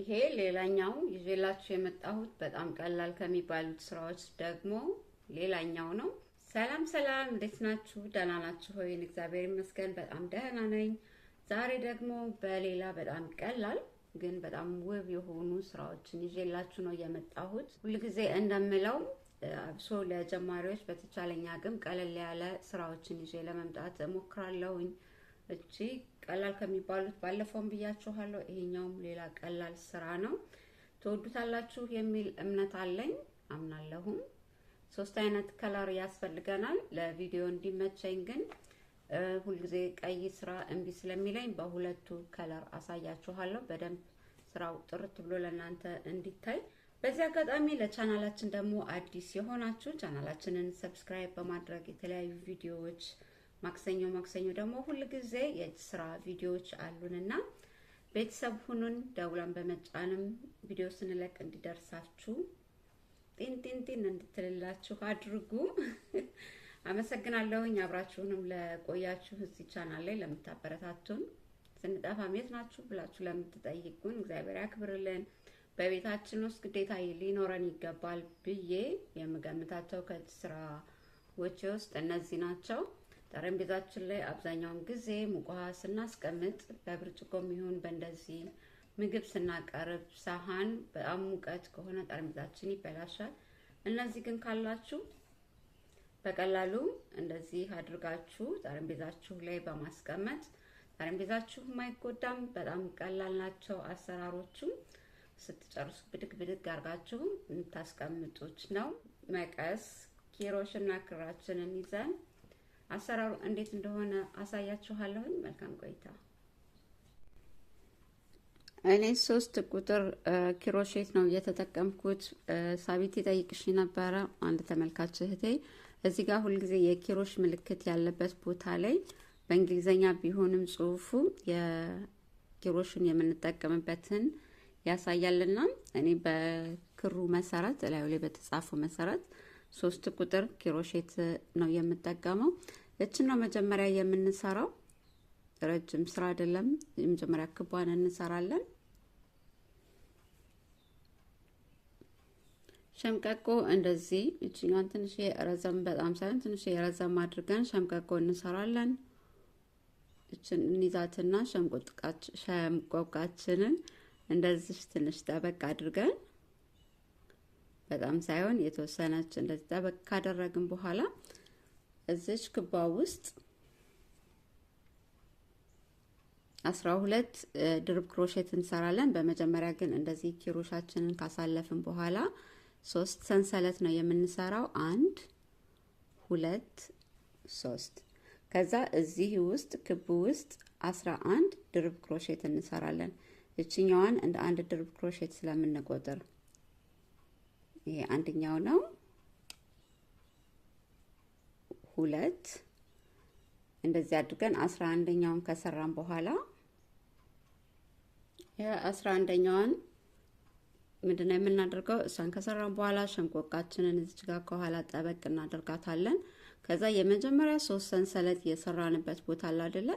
ይሄ ሌላኛው ይዤላችሁ የመጣሁት በጣም ቀላል ከሚባሉት ስራዎች ደግሞ ሌላኛው ነው። ሰላም ሰላም፣ እንዴት ናችሁ? ደህና ናችሁ ሆይን? እግዚአብሔር ይመስገን በጣም ደህና ነኝ። ዛሬ ደግሞ በሌላ በጣም ቀላል ግን በጣም ውብ የሆኑ ስራዎችን ይዤላችሁ ነው የመጣሁት። ሁልጊዜ እንደምለው አብሶ ለጀማሪዎች በተቻለኛ አቅም ቀለል ያለ ስራዎችን ይዤ ለመምጣት እሞክራለሁኝ እጅግ ቀላል ከሚባሉት ባለፈውም ብያችኋለሁ። ይሄኛውም ሌላ ቀላል ስራ ነው። ትወዱታላችሁ የሚል እምነት አለኝ፣ አምናለሁም። ሶስት አይነት ከለር ያስፈልገናል ለቪዲዮ እንዲመቸኝ። ግን ሁልጊዜ ቀይ ስራ እምቢ ስለሚለኝ በሁለቱ ከለር አሳያችኋለሁ በደንብ ስራው ጥርት ብሎ ለእናንተ እንዲታይ። በዚህ አጋጣሚ ለቻናላችን ደግሞ አዲስ የሆናችሁ ቻናላችንን ሰብስክራይብ በማድረግ የተለያዩ ቪዲዮዎች ማክሰኞ ማክሰኞ ደግሞ ሁል ጊዜ የእጅ ስራ ቪዲዮዎች አሉንና ቤተሰብ ሁኑን። ደውላን በመጫንም ቪዲዮ ስንለቅ እንዲደርሳችሁ ጢን ጢን ጢን እንድትልላችሁ አድርጉ። አመሰግናለሁኝ። አብራችሁንም ለቆያችሁ እዚህ ቻናል ላይ ለምታበረታቱን ስንጠፋም የት ናችሁ ብላችሁ ለምትጠይቁን እግዚአብሔር ያክብርልን። በቤታችን ውስጥ ግዴታ ሊኖረን ይገባል ብዬ የምገምታቸው ከእጅ ውስጥ እነዚህ ናቸው። ጠረጴዛችን ላይ አብዛኛውን ጊዜ ሙቅ ውሃ ስናስቀምጥ በብርጭቆ የሚሆን በእንደዚህ ምግብ ስናቀርብ ሳህን በጣም ሙቀት ከሆነ ጠረጴዛችን ይበላሻል። እነዚህ ግን ካላችሁ በቀላሉ እንደዚህ አድርጋችሁ ጠረጴዛችሁ ላይ በማስቀመጥ ጠረጴዛችሁ የማይጎዳም። በጣም ቀላል ናቸው አሰራሮቹ። ስትጨርሱ ብድግ ብድግ አድርጋችሁ የምታስቀምጡት ነው። መቀስ ኪሮሽና ክራችንን ይዘን አሰራሩ እንዴት እንደሆነ አሳያችኋለሁኝ። መልካም ቆይታ። እኔ ሶስት ቁጥር ኪሮሼት ነው የተጠቀምኩት። ሳቢት ይጠይቅሽ ነበረ አንድ ተመልካች እህቴ። እዚህ ጋር ሁልጊዜ የኪሮሽ ምልክት ያለበት ቦታ ላይ በእንግሊዝኛ ቢሆንም ጽሁፉ የኪሮሽን የምንጠቀምበትን ያሳያልና እኔ በክሩ መሰረት እላዩ ላይ በተጻፈው መሰረት ሶስት ቁጥር ክሮሼት ነው የምጠቀመው። እችን ነው መጀመሪያ የምንሰራው። ረጅም ስራ አይደለም። የመጀመሪያ ክቧን እንሰራለን። ሸምቀቆ እንደዚህ እችኛን ትንሽ ረዘም በጣም ሳይሆን ትንሽ የረዘም አድርገን ሸምቀቆ እንሰራለን። እችን እንይዛትና ሸምቆቃችንን እንደዚህ ትንሽ ጠበቅ አድርገን በጣም ሳይሆን የተወሰነች እንደዚህ ጠበቅ ካደረግን በኋላ እዚች ክባ ውስጥ አስራ ሁለት ድርብ ክሮሼት እንሰራለን። በመጀመሪያ ግን እንደዚህ ኪሮሻችንን ካሳለፍን በኋላ ሶስት ሰንሰለት ነው የምንሰራው። አንድ ሁለት ሶስት። ከዛ እዚህ ውስጥ ክብ ውስጥ አስራ አንድ ድርብ ክሮሼት እንሰራለን። እችኛዋን እንደ አንድ ድርብ ክሮሼት ስለምንቆጥር ይሄ አንደኛው ነው። ሁለት እንደዚህ አድርገን አስራ አንደኛውን ከሰራን በኋላ የአስራ አንደኛዋን ምንድን ነው የምናደርገው? እሷን ከሰራን በኋላ ሸንቆቃችንን እዚች ጋር ከኋላ ጠበቅ እናደርጋታለን። ከዛ የመጀመሪያ ሶስት ሰንሰለት የሰራንበት ቦታ አለ አይደለ?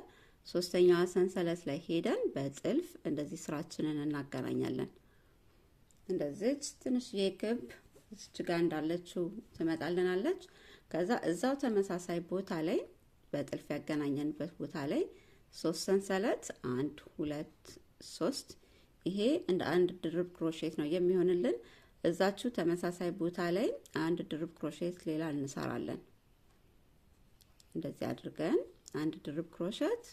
ሶስተኛዋ ሰንሰለት ላይ ሄደን በጥልፍ እንደዚህ ስራችንን እናገናኛለን። እንደዚች ትንሽዬ ክብ እዚች ጋር እንዳለችው ትመጣልናለች። ከዛ እዛው ተመሳሳይ ቦታ ላይ በጥልፍ ያገናኘንበት ቦታ ላይ ሶስት ሰንሰለት አንድ ሁለት ሶስት፣ ይሄ እንደ አንድ ድርብ ክሮሼት ነው የሚሆንልን። እዛችሁ ተመሳሳይ ቦታ ላይ አንድ ድርብ ክሮሼት ሌላ እንሰራለን። እንደዚህ አድርገን አንድ ድርብ ክሮሸት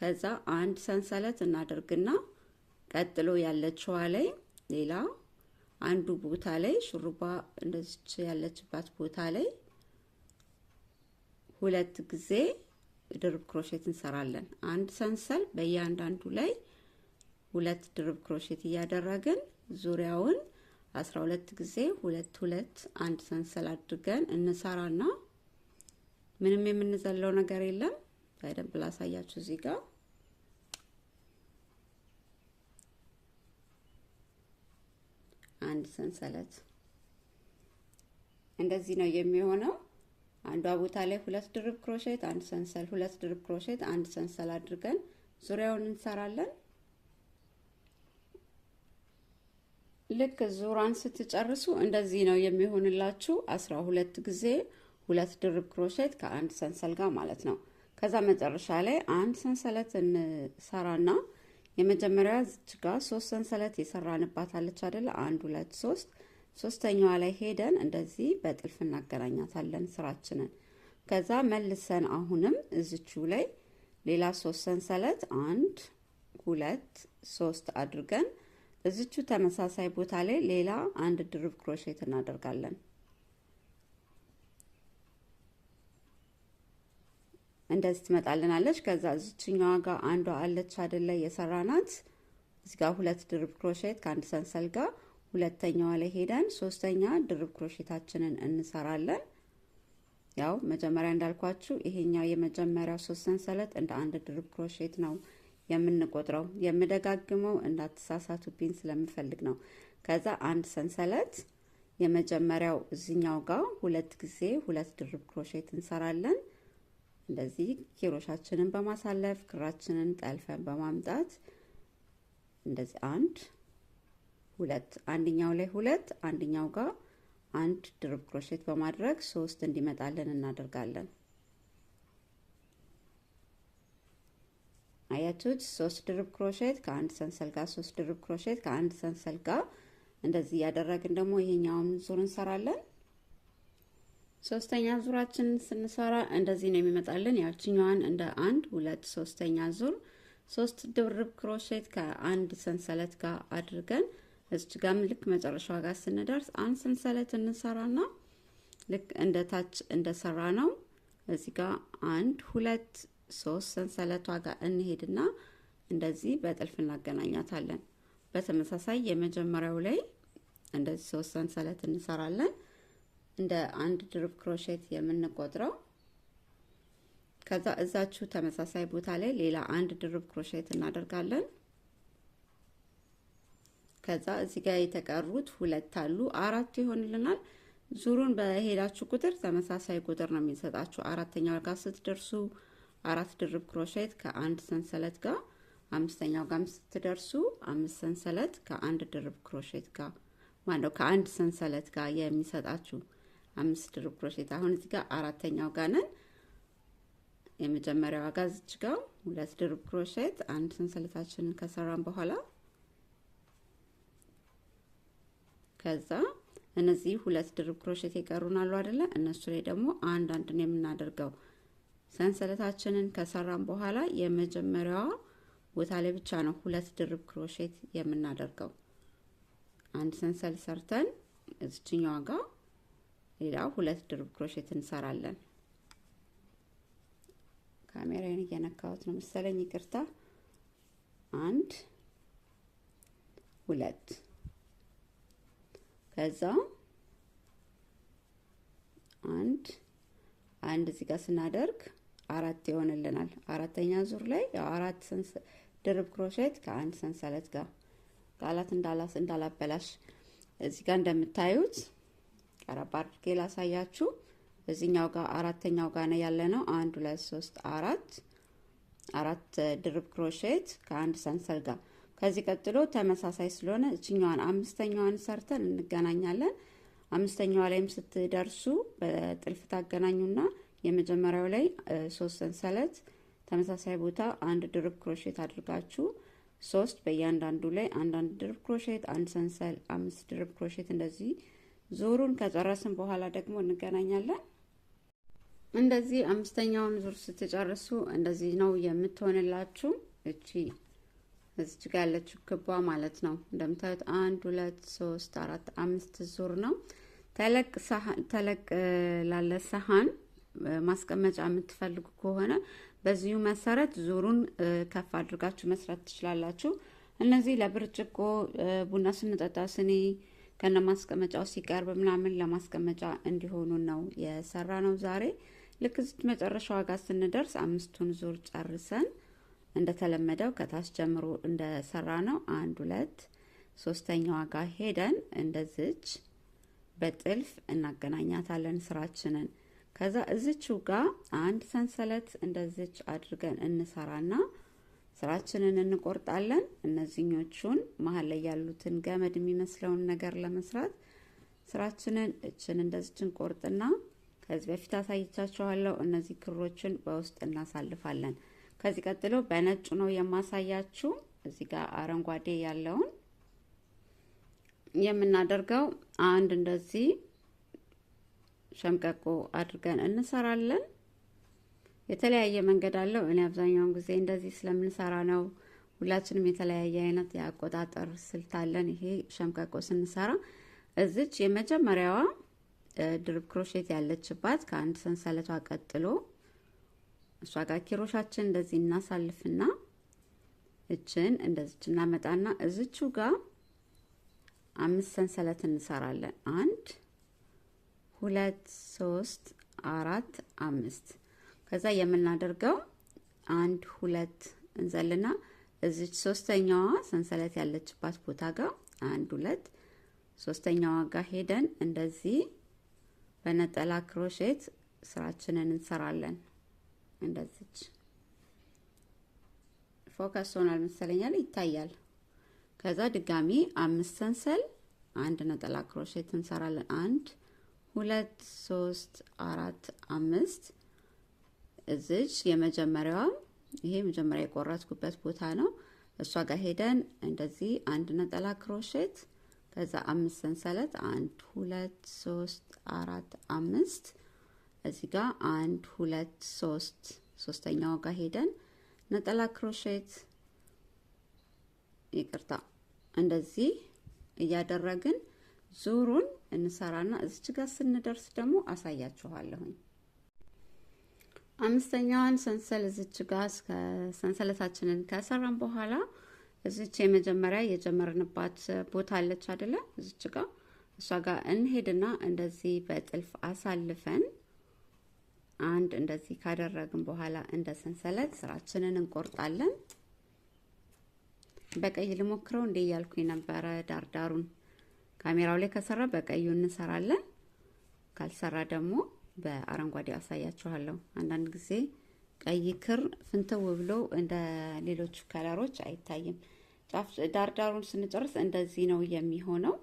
ከዛ አንድ ሰንሰለት እናደርግና ቀጥሎ ያለችዋ ላይ ሌላ አንዱ ቦታ ላይ ሹሩባ እንደዚች ያለችባት ቦታ ላይ ሁለት ጊዜ ድርብ ክሮሼት እንሰራለን። አንድ ሰንሰል በእያንዳንዱ ላይ ሁለት ድርብ ክሮሼት እያደረግን ዙሪያውን አስራ ሁለት ጊዜ ሁለት ሁለት አንድ ሰንሰል አድርገን እንሰራና ምንም የምንዘለው ነገር የለም። በደንብ ላሳያችሁ እዚህ ጋር አንድ ሰንሰለት እንደዚህ ነው የሚሆነው። አንዷ ቦታ ላይ ሁለት ድርብ ክሮሼት፣ አንድ ሰንሰል፣ ሁለት ድርብ ክሮሼት፣ አንድ ሰንሰል አድርገን ዙሪያውን እንሰራለን። ልክ ዙራን ስትጨርሱ እንደዚህ ነው የሚሆንላችሁ። አስራ ሁለት ጊዜ ሁለት ድርብ ክሮሼት ከአንድ ሰንሰል ጋር ማለት ነው። ከዛ መጨረሻ ላይ አንድ ሰንሰለት እንሰራና የመጀመሪያ ዝች ሶስት ሰንሰለት የሰራንባት አለች አንድ ሁለት ሶስት ሶስተኛዋ ላይ ሄደን እንደዚህ በጥልፍ እናገናኛታለን ስራችንን። ከዛ መልሰን አሁንም እዝቹ ላይ ሌላ ሶስት ሰንሰለት አንድ ሁለት ሶስት አድርገን እዝቹ ተመሳሳይ ቦታ ላይ ሌላ አንድ ድርብ ክሮሼት እናደርጋለን። እንደዚህ ትመጣልናለች። ከዛ እዚችኛዋ ጋር አንዷ አለች አይደለ የሰራናት ጋር ሁለት ድርብ ክሮሼት ከአንድ ሰንሰል ጋር ሁለተኛዋ ላይ ሄደን ሶስተኛ ድርብ ክሮሼታችንን እንሰራለን። ያው መጀመሪያ እንዳልኳችሁ ይሄኛው የመጀመሪያው ሶስት ሰንሰለት እንደ አንድ ድርብ ክሮሼት ነው የምንቆጥረው። የምደጋግመው እንዳትሳሳቱብኝ ስለምፈልግ ነው። ከዛ አንድ ሰንሰለት የመጀመሪያው እዚኛው ጋር ሁለት ጊዜ ሁለት ድርብ ክሮሼት እንሰራለን። እንደዚህ ኪሮሻችንን በማሳለፍ ክራችንን ጠልፈን በማምጣት እንደዚህ አንድ ሁለት አንደኛው ላይ ሁለት አንደኛው ጋር አንድ ድርብ ክሮሼት በማድረግ ሶስት እንዲመጣልን እናደርጋለን። አያችሁት? ሶስት ድርብ ክሮሼት ከአንድ ሰንሰል ጋር፣ ሶስት ድርብ ክሮሼት ከአንድ ሰንሰል ጋር እንደዚህ እያደረግን ደግሞ ይሄኛውን ዙር እንሰራለን። ሶስተኛ ዙራችን ስንሰራ እንደዚህ ነው የሚመጣልን። ያችኛዋን እንደ አንድ ሁለት ሶስተኛ ዙር ሶስት ድርብ ክሮሼት ከአንድ ሰንሰለት ጋር አድርገን እዚች ጋም ልክ መጨረሻዋ ጋር ስንደርስ አንድ ሰንሰለት እንሰራና ልክ እንደ ታች እንደሰራ ነው እዚህ ጋር አንድ ሁለት ሶስት ሰንሰለቷ ጋር እንሄድና እንደዚህ በጥልፍ እናገናኛታለን። በተመሳሳይ የመጀመሪያው ላይ እንደዚህ ሶስት ሰንሰለት እንሰራለን። እንደ አንድ ድርብ ክሮሼት የምንቆጥረው ከዛ እዛችሁ ተመሳሳይ ቦታ ላይ ሌላ አንድ ድርብ ክሮሼት እናደርጋለን። ከዛ እዚህ ጋር የተቀሩት ሁለት አሉ፣ አራት ይሆንልናል። ዙሩን በሄዳችሁ ቁጥር ተመሳሳይ ቁጥር ነው የሚሰጣችሁ። አራተኛው ጋር ስትደርሱ አራት ድርብ ክሮሼት ከአንድ ሰንሰለት ጋር፣ አምስተኛው ጋር ስትደርሱ አምስት ሰንሰለት ከአንድ ድርብ ክሮሼት ጋር ማለት ነው ከአንድ ሰንሰለት ጋር የሚሰጣችሁ አምስት ድርብ ክሮሼት አሁን እዚህ ጋር አራተኛው ጋር ነን። የመጀመሪያው ዋጋ እዚች ጋር ሁለት ድርብ ክሮሼት አንድ ሰንሰለታችንን ከሰራን በኋላ ከዛ እነዚህ ሁለት ድርብ ክሮሼት የቀሩን አሉ አይደለ? እነሱ ላይ ደግሞ አንድ ነው የምናደርገው ሰንሰለታችንን ከሰራን በኋላ የመጀመሪያዋ ቦታ ላይ ብቻ ነው ሁለት ድርብ ክሮሼት የምናደርገው። አንድ ሰንሰል ሰርተን እዚችኛዋ ጋር ሌላው ሁለት ድርብ ክሮሼት እንሰራለን። ካሜራዬን እየነካሁት ነው መሰለኝ፣ ይቅርታ። አንድ ሁለት፣ ከዛ አንድ አንድ እዚህ ጋር ስናደርግ አራት ይሆንልናል። አራተኛ ዙር ላይ አራት ድርብ ክሮሼት ከአንድ ሰንሰለት ጋር ቃላት እንዳላስ እንዳላበላሽ እዚህ ጋር እንደምታዩት ቀረብ አድርጌ ላሳያችሁ። እዚኛው ጋር አራተኛው ጋር ነው ያለ ነው። አንድ ሁለት ሶስት አራት አራት ድርብ ክሮሼት ከአንድ ሰንሰል ጋር። ከዚህ ቀጥሎ ተመሳሳይ ስለሆነ እችኛዋን አምስተኛዋን ሰርተን እንገናኛለን። አምስተኛዋ ላይም ስትደርሱ በጥልፍ ታገናኙና የመጀመሪያው ላይ ሶስት ሰንሰለት ተመሳሳይ ቦታ አንድ ድርብ ክሮሼት አድርጋችሁ ሶስት በእያንዳንዱ ላይ አንዳንድ ድርብ ክሮሼት፣ አንድ ሰንሰል፣ አምስት ድርብ ክሮሼት እንደዚህ ዙሩን ከጨረስን በኋላ ደግሞ እንገናኛለን። እንደዚህ አምስተኛውን ዙር ስትጨርሱ እንደዚህ ነው የምትሆንላችሁ። እቺ እዚች ጋ ያለችው ክቧ ማለት ነው። እንደምታዩት አንድ ሁለት ሶስት አራት አምስት ዙር ነው። ተለቅ ላለ ሰሀን ማስቀመጫ የምትፈልጉ ከሆነ በዚሁ መሰረት ዙሩን ከፍ አድርጋችሁ መስራት ትችላላችሁ። እነዚህ ለብርጭቆ ቡና ስንጠጣ ስኒ ከነ ሲቀርብ ምናምን ለማስቀመጫ እንዲሆኑ ነው የሰራ ነው ዛሬ። ልክ ዝች መጨረሻዋ ጋር ስንደርስ አምስቱን ዙር ጨርሰን እንደተለመደው ከታች ጀምሮ እንደሰራ ነው አንድ ሁለት ሶስተኛዋ ጋር ሄደን እንደዝች በጥልፍ እናገናኛታለን ስራችንን። ከዛ እዝችው ጋር አንድ ሰንሰለት እንደዝች አድርገን እንሰራና ስራችንን እንቆርጣለን። እነዚህኞቹን መሀል ላይ ያሉትን ገመድ የሚመስለውን ነገር ለመስራት ስራችንን እችን እንደዚችን ቆርጥና ከዚህ በፊት አሳይቻችኋለሁ። እነዚህ ክሮችን በውስጥ እናሳልፋለን። ከዚህ ቀጥሎ በነጩ ነው የማሳያችሁ። እዚህ ጋር አረንጓዴ ያለውን የምናደርገው አንድ እንደዚህ ሸምቀቆ አድርገን እንሰራለን። የተለያየ መንገድ አለው። እኔ አብዛኛውን ጊዜ እንደዚህ ስለምንሰራ ነው። ሁላችንም የተለያየ አይነት የአቆጣጠር ስልት አለን። ይሄ ሸምቀቆ ስንሰራ እዚች የመጀመሪያዋ ድርብ ክሮሼት ያለችባት ከአንድ ሰንሰለቷ ቀጥሎ እሷ ጋር ኪሮሻችን እንደዚህ እናሳልፍና እችን እንደዚች እናመጣና እዝቹ ጋር አምስት ሰንሰለት እንሰራለን። አንድ ሁለት ሶስት አራት አምስት ከዛ የምናደርገው አንድ ሁለት እንዘልና እዚች ሶስተኛዋ ሰንሰለት ያለችባት ቦታ ጋር አንድ ሁለት ሶስተኛዋ ጋር ሄደን እንደዚህ በነጠላ ክሮሼት ስራችንን እንሰራለን። እንደዚች ፎከስ ሆናል መሰለኛል፣ ይታያል። ከዛ ድጋሚ አምስት ሰንሰል አንድ ነጠላ ክሮሼት እንሰራለን። አንድ ሁለት ሶስት አራት አምስት እዚች የመጀመሪያዋ ይሄ መጀመሪያ የቆረጥኩበት ቦታ ነው። እሷ ጋር ሄደን እንደዚህ አንድ ነጠላ ክሮሼት ከዛ አምስት ሰንሰለት አንድ ሁለት ሶስት አራት አምስት እዚህ ጋር አንድ ሁለት ሶስት ሶስተኛው ጋር ሄደን ነጠላ ክሮሼት ይቅርታ እንደዚህ እያደረግን ዙሩን እንሰራና እዚች ጋር ስንደርስ ደግሞ አሳያችኋለሁኝ። አምስተኛዋን ሰንሰል እዚች ጋር ሰንሰለታችንን ከሰራን በኋላ እዚች የመጀመሪያ የጀመርንባት ቦታ አለች አደለ? እዚች ጋር እሷ ጋር እንሄድና እንደዚህ በጥልፍ አሳልፈን አንድ እንደዚህ ካደረግን በኋላ እንደ ሰንሰለት ስራችንን እንቆርጣለን። በቀይ ልሞክረው እንዴ እያልኩኝ ነበረ። ዳርዳሩን ካሜራው ላይ ከሰራ በቀዩ እንሰራለን፣ ካልሰራ ደግሞ በአረንጓዴ አሳያችኋለሁ። አንዳንድ ጊዜ ቀይ ክር ፍንትው ብሎ እንደ ሌሎች ከለሮች አይታይም። ጫፍ ዳርዳሩን ስንጨርስ እንደዚህ ነው የሚሆነው።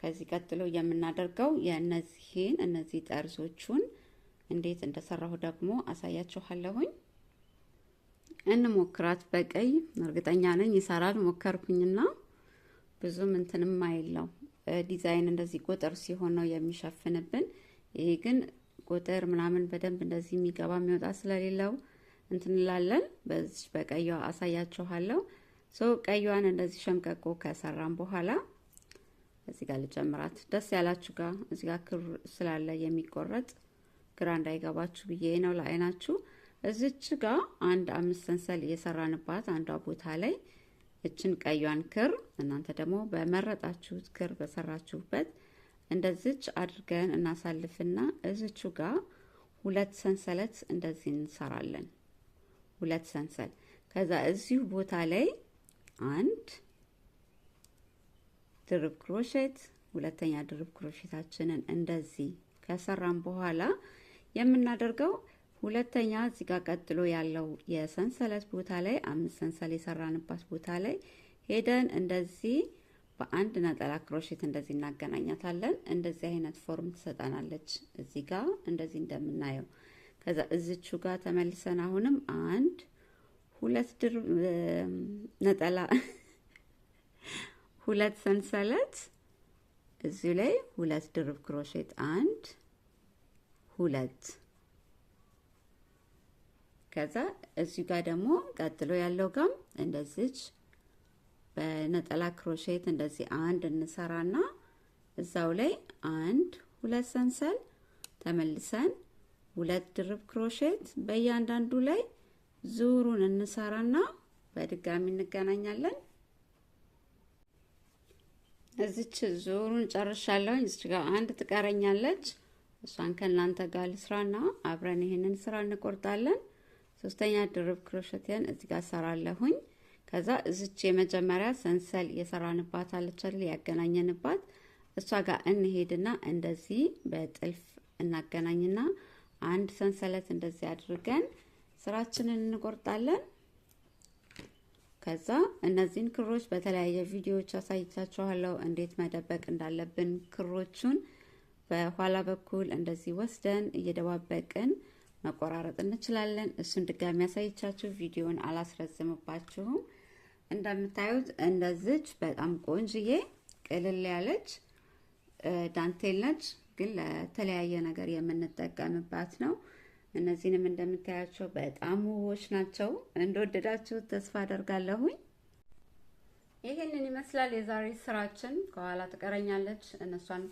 ከዚህ ቀጥሎ የምናደርገው የእነዚህን እነዚህ ጠርዞቹን እንዴት እንደሰራሁ ደግሞ አሳያችኋለሁኝ። እንሞክራት በቀይ እርግጠኛ ነኝ ይሰራል። ሞከርኩኝና ብዙም እንትንም አይለው ዲዛይን እንደዚህ ቁጥር ሲሆን ነው የሚሸፍንብን። ይሄ ግን ቁጥር ምናምን በደንብ እንደዚህ የሚገባ የሚወጣ ስለሌለው እንትንላለን በዚህ በቀይዋ አሳያችኋለሁ። ሶ ቀይዋን እንደዚህ ሸምቀቆ ከሰራም በኋላ እዚህ ጋር ልጨምራት። ደስ ያላችሁ ጋር እዚህ ጋር ክር ስላለ የሚቆረጥ ግራ እንዳይገባችሁ ብዬ ነው ለአይናችሁ። እዚች ጋር አንድ አምስት ሰንሰል እየሰራንባት አንዷ ቦታ ላይ እችን ቀይዋን ክር እናንተ ደግሞ በመረጣችሁት ክር በሰራችሁበት እንደዚች አድርገን እናሳልፍና እዝቹ ጋር ሁለት ሰንሰለት እንደዚህ እንሰራለን። ሁለት ሰንሰል ከዛ እዚሁ ቦታ ላይ አንድ ድርብ ክሮሼት፣ ሁለተኛ ድርብ ክሮሼታችንን እንደዚህ ከሰራን በኋላ የምናደርገው ሁለተኛ እዚህ ጋር ቀጥሎ ያለው የሰንሰለት ቦታ ላይ አምስት ሰንሰል የሰራንባት ቦታ ላይ ሄደን እንደዚህ በአንድ ነጠላ ክሮሼት እንደዚህ እናገናኛታለን። እንደዚህ አይነት ፎርም ትሰጠናለች እዚህ ጋ እንደዚህ እንደምናየው። ከዛ እዝቹ ጋር ተመልሰን አሁንም አንድ ሁለት ድር ነጠላ ሁለት ሰንሰለት እዚሁ ላይ ሁለት ድርብ ክሮሼት አንድ ሁለት ከዛ እዚሁ ጋር ደግሞ ቀጥሎ ያለው ጋም እንደዚች በነጠላ ክሮሼት እንደዚህ አንድ እንሰራና እዛው ላይ አንድ ሁለት ሰንሰል ተመልሰን ሁለት ድርብ ክሮሼት በእያንዳንዱ ላይ ዙሩን እንሰራና በድጋሚ እንገናኛለን። እዚች ዙሩን ጨርሻለሁኝ። እዚች ጋር አንድ ትቀረኛለች። እሷን ከእናንተ ጋር ልስራና አብረን ይሄንን ስራ እንቆርጣለን። ሶስተኛ ድርብ ክሮሸቴን እዚህ ጋር ሰራለሁኝ። ከዛ እዚች የመጀመሪያ ሰንሰል የሰራንባት አለቻል ያገናኘንባት እሷ ጋር እንሄድና እንደዚህ በጥልፍ እናገናኝና አንድ ሰንሰለት እንደዚህ አድርገን ስራችንን እንቆርጣለን። ከዛ እነዚህን ክሮች በተለያየ ቪዲዮዎች አሳይቻችኋለሁ፣ እንዴት መደበቅ እንዳለብን ክሮቹን በኋላ በኩል እንደዚህ ወስደን እየደባበቅን መቆራረጥ እንችላለን። እሱን ድጋሚ ያሳይቻችሁ ቪዲዮን አላስረዝምባችሁም። እንደምታዩት እንደዚች በጣም ቆንጅዬ ቅልል ያለች ዳንቴል ነች፣ ግን ለተለያየ ነገር የምንጠቀምባት ነው። እነዚህንም እንደምታያቸው በጣም ውቦች ናቸው። እንደወደዳችሁት ተስፋ አደርጋለሁኝ። ይህንን ይመስላል የዛሬ ስራችን። ከኋላ ትቀረኛለች፣ እነሷን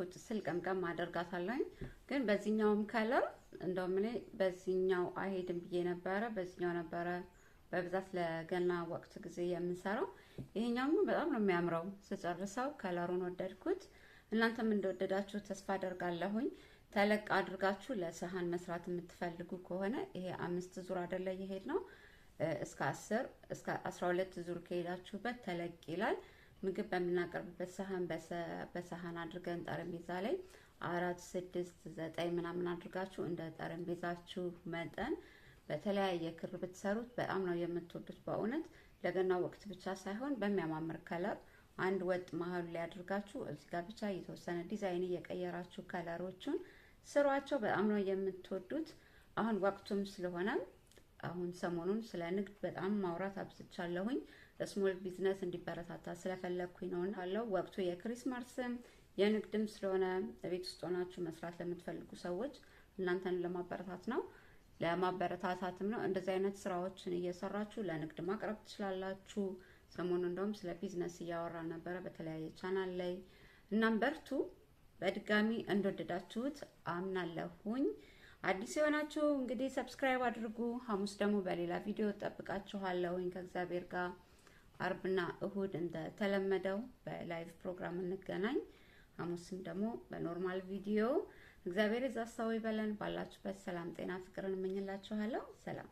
ቁጭ ስል ቀምቀም አደርጋታለሁኝ። ግን በዚህኛውም ከለር እንደውም እኔ በዚህኛው አይሄድም ብዬ ነበረ፣ በዚህኛው ነበረ በብዛት ለገና ወቅት ጊዜ የምንሰራው ይሄኛው በጣም ነው የሚያምረው። ስጨርሰው ከለሩን ወደድኩት። እናንተም እንደወደዳችሁ ተስፋ አደርጋለሁኝ። ተለቅ አድርጋችሁ ለሰሃን መስራት የምትፈልጉ ከሆነ ይሄ አምስት ዙር አይደለ የሄድ ነው እስከ አስር እስከ አስራ ሁለት ዙር ከሄዳችሁበት ተለቅ ይላል። ምግብ በምናቀርብበት ሰሃን በሰሃን አድርገን ጠረጴዛ ላይ አራት ስድስት ዘጠኝ ምናምን አድርጋችሁ እንደ ጠረጴዛችሁ መጠን በተለያየ ክር ብትሰሩት በጣም ነው የምትወዱት። በእውነት ለገና ወቅት ብቻ ሳይሆን በሚያማምር ከለር አንድ ወጥ መሀሉ ላይ አድርጋችሁ እዚህ ጋር ብቻ የተወሰነ ዲዛይን እየቀየራችሁ ከለሮቹን ስሯቸው። በጣም ነው የምትወዱት። አሁን ወቅቱም ስለሆነ አሁን ሰሞኑን ስለ ንግድ በጣም ማውራት አብዝቻለሁኝ። ስሞል ቢዝነስ እንዲበረታታ ስለፈለግኩኝ ነው አለው። ወቅቱ የክሪስማስም የንግድም ስለሆነ ቤት ውስጥ ሆናችሁ መስራት ለምትፈልጉ ሰዎች እናንተን ለማበረታት ነው። ለማበረታታትም ነው። እንደዚህ አይነት ስራዎችን እየሰራችሁ ለንግድ ማቅረብ ትችላላችሁ። ሰሞኑ እንደውም ስለ ቢዝነስ እያወራ ነበረ በተለያየ ቻናል ላይ። እናም በርቱ። በድጋሚ እንደወደዳችሁት አምናለሁኝ። አዲስ የሆናችሁ እንግዲህ ሰብስክራይብ አድርጉ። ሐሙስ ደግሞ በሌላ ቪዲዮ ጠብቃችኋለሁኝ ከእግዚአብሔር ጋር። አርብና እሁድ እንደተለመደው በላይቭ ፕሮግራም እንገናኝ። ሐሙስም ደግሞ በኖርማል ቪዲዮ እግዚአብሔር የዛ ሰው ይበለን። ባላችሁበት ሰላም፣ ጤና፣ ፍቅርን እመኝላችኋለሁ። ሰላም